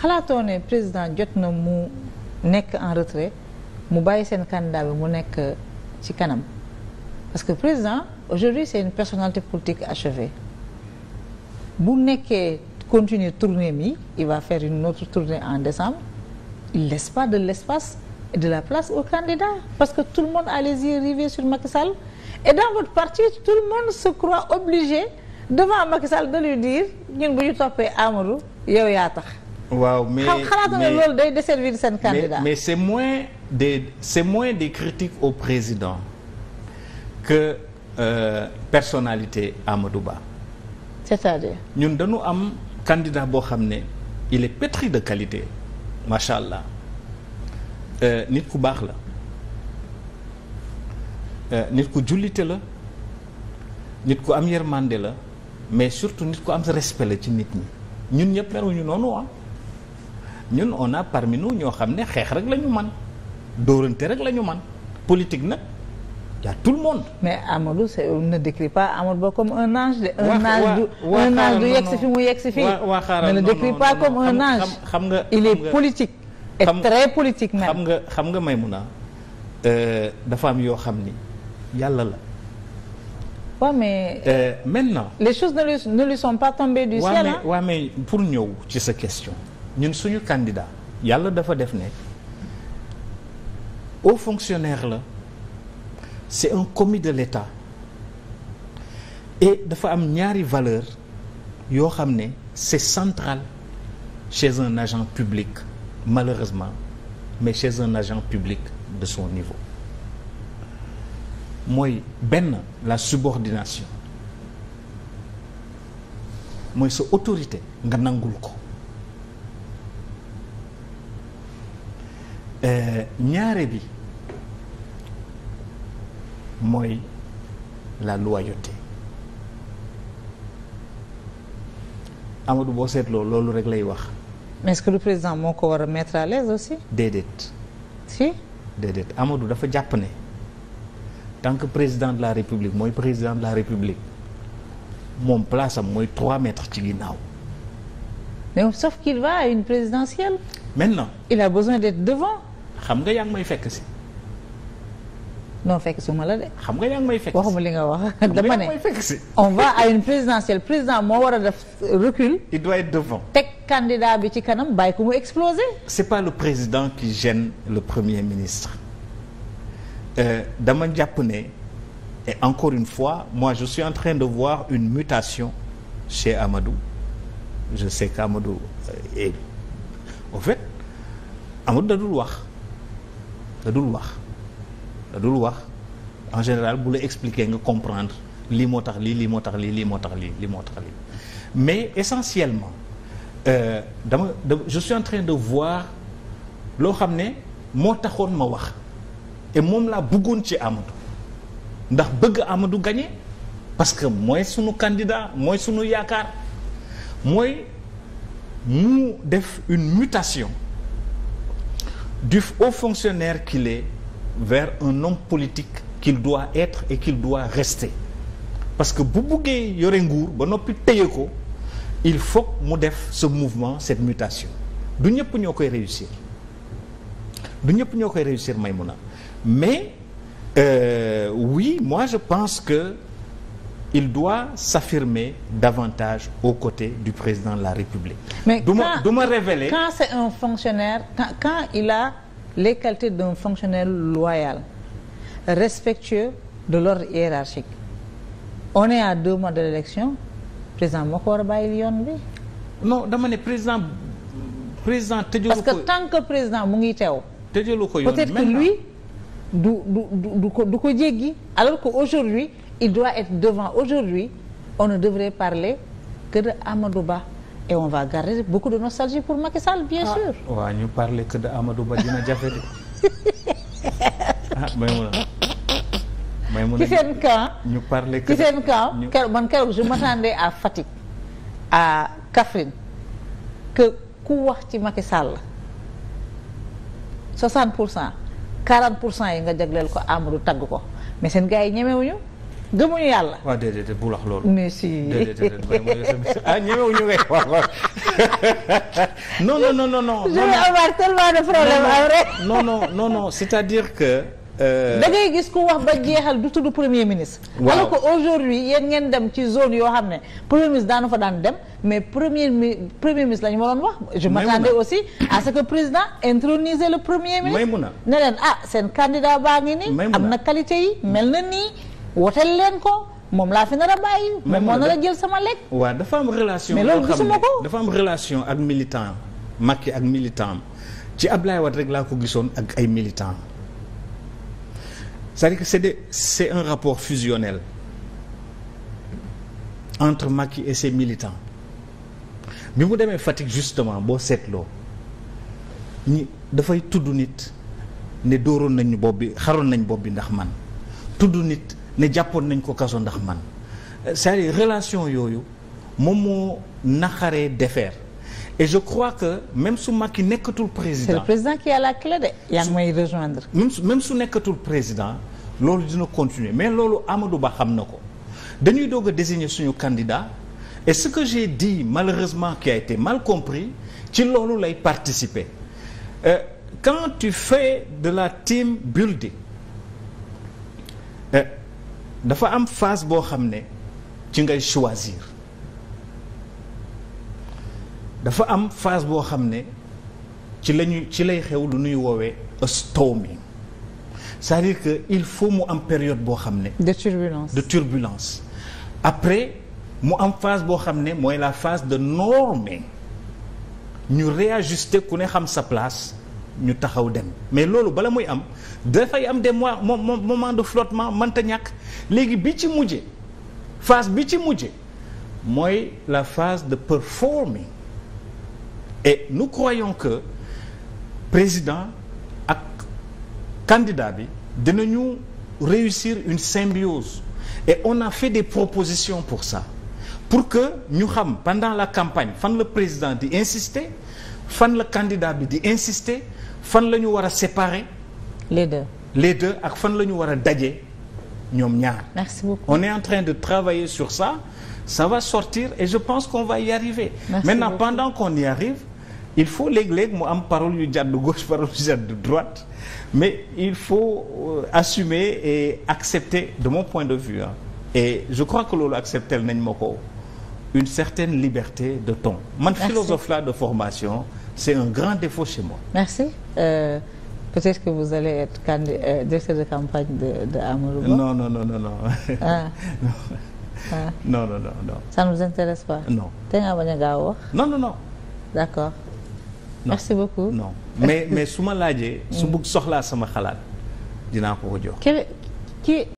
xalaatoo ne président jot na mu nekk en retrait mu bàyyi seen candidat bi mu nekk ci kanam parce que président aujourd'hui c'est une personnalité politique achevée bu nekkee continuer tournée mi il va faire une autre tournée en décembre il laisse pas de l'espace et de la place au candidat parce que tout le monde a les yeux rivés sur Macky et dans votre parti tout le monde se croit obligé devant Macky Sall de lui dire ñun bu ñu toppee Amadou yow yaa tax waaw mais xalaata na loolu day desservir seen candidat mais c'est moins des c'est moins des critiques au président que euh, personnalité Amadou Ba. c'est-à-dire ñun dañu am candidat boo xam ne il est pétri de qualité macha allah euh, nit ku baax la euh, nit ku jullite la nit ku am yërmande la mais surtout nit ku am respect la ci nit ñi ñun ñëpp ñu noonu ah. ñun on a parmi nous ñoo xam ne xeex rek lañu man dóorante rek la ñu man politique nag y tout le monde. mais Amadou c'est ne décrit pas Amadou Ba comme un ange de. un ange du yegsi fi mu yegsi fii. ne le décrit comme un ange. xam nga il est politique. et très politique même. xam nga may nga Maymuna euh, dafa am yoo xam ni yàlla la. waaw mais. Euh, maintenant les choses ne lui ne lui sont pas tombées du ouais, ciel mais pour ñëw ci sa question. ñun suñu candidat yàlla dafa def ne au fonctionnaire la c'est un commis de l'État et dafa am ñaari valeur yoo xam ne c'est central chez un agent publique malheureusement mais chez un agent public de son niveau mooy benn la subordination mooy sa autorité nga nangul ko Euh, ñaare bi mooy la loyauté Amadou boo seetloo loolu rek lay wax. mais est-ce que le président moo ko war a mettre à l'aise aussi. déedéet. si. déedéet Amadou dafa jàpp ne tant président de la république mooy président de la république moom place mooy 3 mètres ci ginnaaw. mais sauf qu'il va à une présidentielle. maintenant il a besoin d'être devant. xam nga yaa ngi may fekk si. non fekk su ma la xam nga yaa ngi may fekk si li nga wax. dama ne on va à une présidentielle président moo war a def recul. il doit être devant. teg candidat bi ci kanam bàyyi ko mu exploser. c'est pas le président qui gêne le premier ministre. Euh, dama jàpp ne et encore une fois moi je suis en train de voir une mutation chez Amadou. je sais qu'Amadou euh, est élu au fait Amadou da wax dadul wax da dul wax en général bu la expliquer nga comprendre lii moo tax lii lii moo tax lii lii moo tax lii moo tax lii mais essentiellement euh, dama euh, je suis en train de voir loo xam ne moo taxoon ma wax et moom laa bëggoon ci Amadou ndax bëgg amadu gagné parce que mooy sunu candidat mooy sunu yaakaar mooy mu def une mutation du haut fonctionnaire qu'il est vers un homme politique qu'il doit être et qu'il doit rester parce que bu buggee yore nguur ba noppi téye ko il faut mu def ce mouvement cette mutation du ñëpp ñoo koy réussir du ñëpp ñoo koy réussir Maïmouna mais euh, oui moi je pense que il doit s'affirmer davantage aux côtés du président de la République. Mais du ma du ma révéler quand c'est un fonctionnaire quand, quand il a les qualités d'un fonctionnaire loyal respectueux de l'ordre hiérarchique on est à deux mois de l'élection président moo ko war a non dama ne président président tëjalu ko parce que tant que président mu ngi teew. tëjalu ko yoon peut-être que lui du du ko du ko alors que aujourd'hui il doit être devant aujourd'hui on ne devrait parler que Amadou Ba et on va garder beaucoup de nostalgie pour Macky Sall bien ah. sûr ñu parler que Amadou Ba dina jafe de ah seen camp ñu seen camp man keroog je m'attendais à Fatick à Kaffrine que ku wax ci Macky Sall 60 pour cent 40 pour cent yi nga jagleel ko Amadou tagg ko mais seen gars ñemewuñu gëmuñu yàlla. waaw déedéet bu wax loolu. mais si déedéet ah ñëwee ñu ngay wax wax non non non non non. je vais avoir tellement de no après. non non non c'est-à-dire que. Euh, da ngay gis ku wax ba jeexal du tudd premier ministre. waaw alors que aujourd'hui yéen ngeen dem ci zone yoo xam ne premier ministre daanu fa daan dem mais premier mi premier ministre lañu waroon wax. je m'attendais aussi à ce que président introniser le premier ministre. ne leen ah seen candidat baa ngi nii. am na qualité yi mel na nii. woteel leen ko moom laa fi nar a bàyyi. moom moo nar jël sama lekk. waaw dafa am relation. mais loolu gisuma ko dafa am relation ak militant Macky ak militant ci Ablaye Wade rek laa ko gisoon ak ay militant c'est-à-dire que c'est des c'est un rapport fusionnel entre Macky et ses militants bi mu demee Fatick justement boo seetloo ñi dafay tudd nit ne dooroon nañu bopp bi xaroon nañ bopp bi ndax man tudd nit. ne jàppoon nañ ko kaso ndax man euh, cest à relation yooyu moom moo naxaree defeer et je crois que même su ki nekkatul président. c'est le président qui a la clé de. yaa ngi may rejoindre. su même su nekkatul président loolu dina continuer mais loolu Amadou Ba xam na ko dañuy doog a suñu candidat et ce que j'ai di malheureusement qui a été mal compris ci loolu lay participer euh, quand tu fais de la team building. dafa am phase boo xam ne ci ngay choisir dafa am phase boo xam ne ci lañu ci lay xew lu nuy woowee storming c'est-à-dire que il faut mu am période boo xam ne. de turbulence de turbulence après mu am phase boo xam ne mooy la phase de norming ñu réajuster ku ne xam sa place. ñu taxaw dem mais loolu bala muy am dafay am des mois moment de flottement mante ñàkk léegi bi ci mujje phase bi ci mujje mooy la phase de performing et nous croyons que président ak candidat bi dinañu réussir une symbiose et on a fait des propositions pour ça pour que ñu xam pendant la campagne fan la président di insister fan la candidat bi di insister fan la ñu war a séparer. les deux les deux ak fan la ñu war a daje ñoom ñaar. merci beaucoup on est en train de travailler sur ça ça va sortir et je pense qu'on va y arriver. Merci maintenant pendant qu'on y arrive il faut léeg-léeg mu am parole yu jàdd gauche parole yu jàdd droite mais il faut euh, assumer et accepter de mon point de vue hein, et je crois que loolu accepter nañ ma ko une certaine liberté de ton man philosophe là de formation. c'est un grand défaut chez moi. merci euh, peut-être que vous allez être candidat euh, de campagne de de Amadou non non non non non. non. ah. non ah. intéresse pas. non te ngaa bañ a gaaw wax. non non non. d'accord. merci beaucoup. non mais mais su ma laajee. su mm. bëgg soxlaa sama xalaat dinaa ko ko jox.